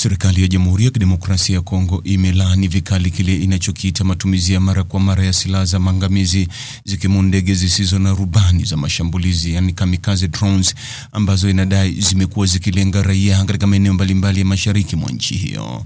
Serikali ya Jamhuri ya Kidemokrasia ya Kongo imelaani vikali kile inachokiita matumizi ya mara kwa mara ya silaha za maangamizi zikiwemo ndege zisizo na rubani za mashambulizi, yani kamikaze drones, ambazo inadai zimekuwa zikilenga raia katika maeneo mbalimbali ya mashariki mwa nchi hiyo.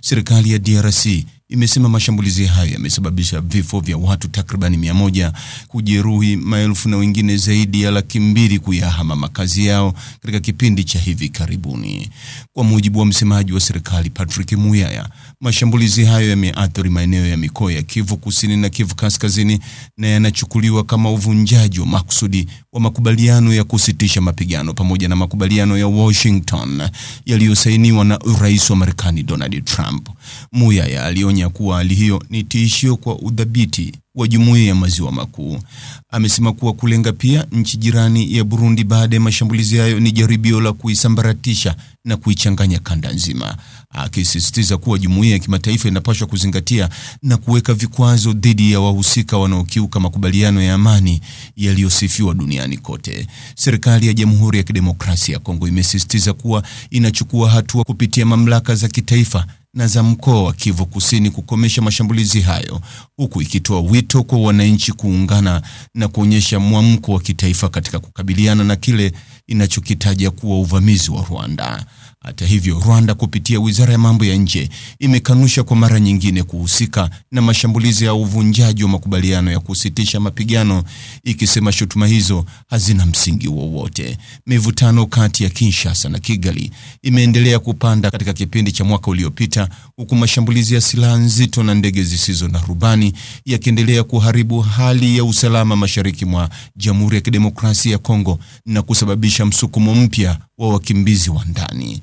Serikali ya DRC imesema mashambulizi hayo yamesababisha vifo vya watu takribani mia moja, kujeruhi maelfu na wengine zaidi ya laki mbili kuyahama makazi yao katika kipindi cha hivi karibuni. Kwa mujibu wa msemaji wa serikali Patrick Muyaya, mashambulizi hayo yameathiri maeneo ya mikoa ya Kivu Kusini na Kivu Kaskazini na yanachukuliwa kama uvunjaji wa makusudi wa makubaliano ya kusitisha mapigano pamoja na makubaliano ya Washington yaliyosainiwa na Rais wa Marekani Donald Trump. Muyaya alio ameonya kuwa hali hiyo ni tishio kwa udhabiti wa Jumuiya ya Maziwa Makuu. Amesema kuwa kulenga pia nchi jirani ya Burundi baada ya mashambulizi hayo ni jaribio la kuisambaratisha na kuichanganya kanda nzima, akisisitiza kuwa jumuiya ya kimataifa inapaswa kuzingatia na kuweka vikwazo dhidi ya wahusika wanaokiuka makubaliano ya amani yaliyosifiwa duniani kote. Serikali ya Jamhuri ya Kidemokrasia ya Kongo imesisitiza kuwa inachukua hatua kupitia mamlaka za kitaifa na za mkoa wa Kivu Kusini kukomesha mashambulizi hayo, huku ikitoa wito kwa wananchi kuungana na kuonyesha mwamko wa kitaifa katika kukabiliana na kile inachokitaja kuwa uvamizi wa Rwanda. Hata hivyo, Rwanda kupitia Wizara ya Mambo ya Nje imekanusha kwa mara nyingine kuhusika na mashambulizi ya uvunjaji wa makubaliano ya kusitisha mapigano, ikisema shutuma hizo hazina msingi wowote. Mivutano kati ya Kinshasa na Kigali imeendelea kupanda katika kipindi cha mwaka uliopita, huku mashambulizi ya silaha nzito na ndege zisizo na rubani yakiendelea kuharibu hali ya usalama mashariki mwa Jamhuri ya Kidemokrasia ya Kongo na kusababisha msukumo mpya wa wakimbizi wa ndani.